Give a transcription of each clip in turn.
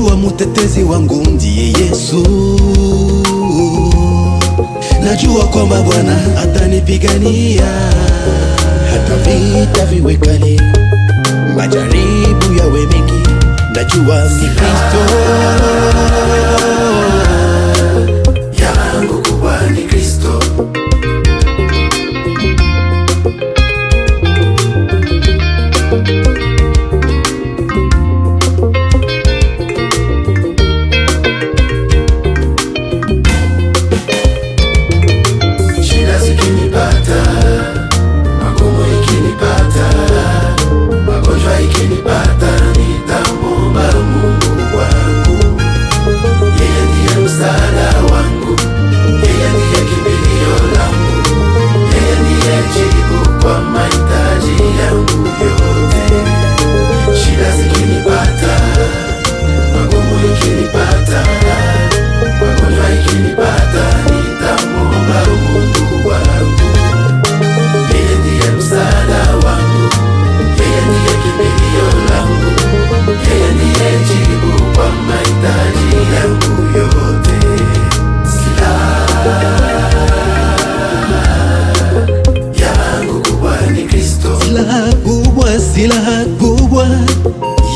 Najua mutetezi wangu ndiye Yesu, najua kwamba Bwana atanipigania hata vita viwe kali, majaribu yawe mengi, najua ni Kristo silaha kubwa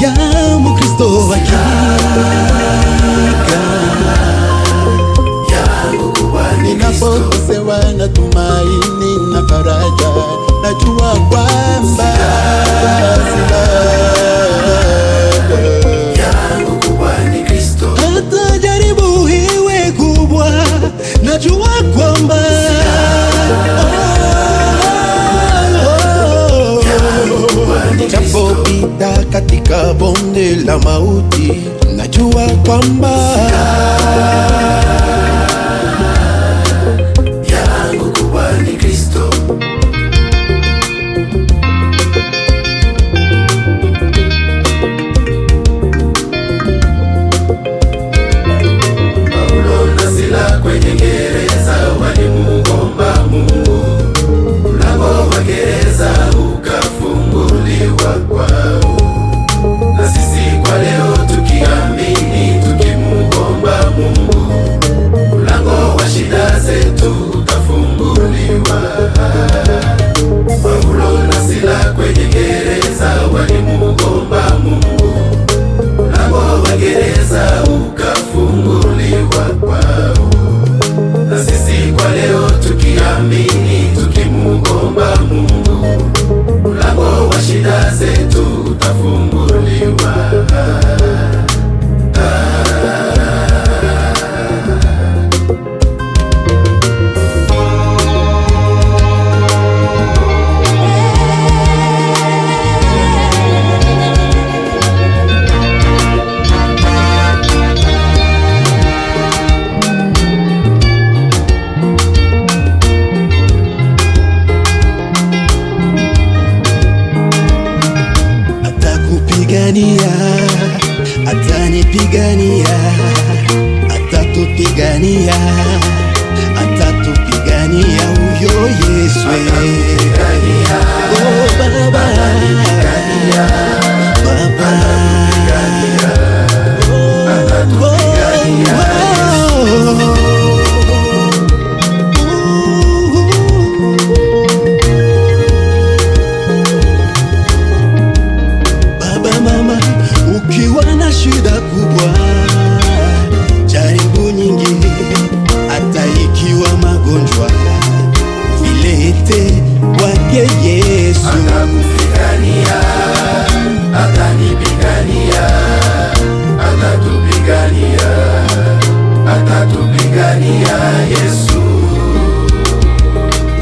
ya Mkristo wa ninapokosewa na tumaini na faraja, najua kwamba katika bonde la mauti, najua kwamba atanipigania, atanipigania, atatupigania, atatupigania huyo Yesu. kubwa, jaribu nyingi hata ikiwa magonjwa vilete kwake Yesu. atanipigania, atatupigania, atatupigania Yesu.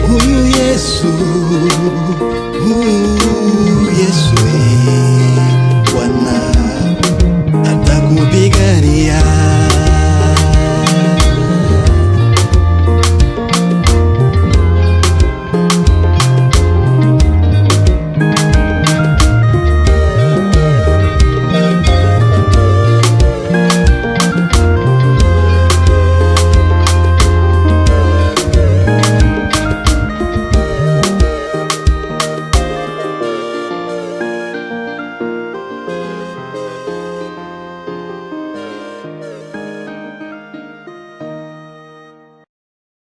Huyu Yesu, huyu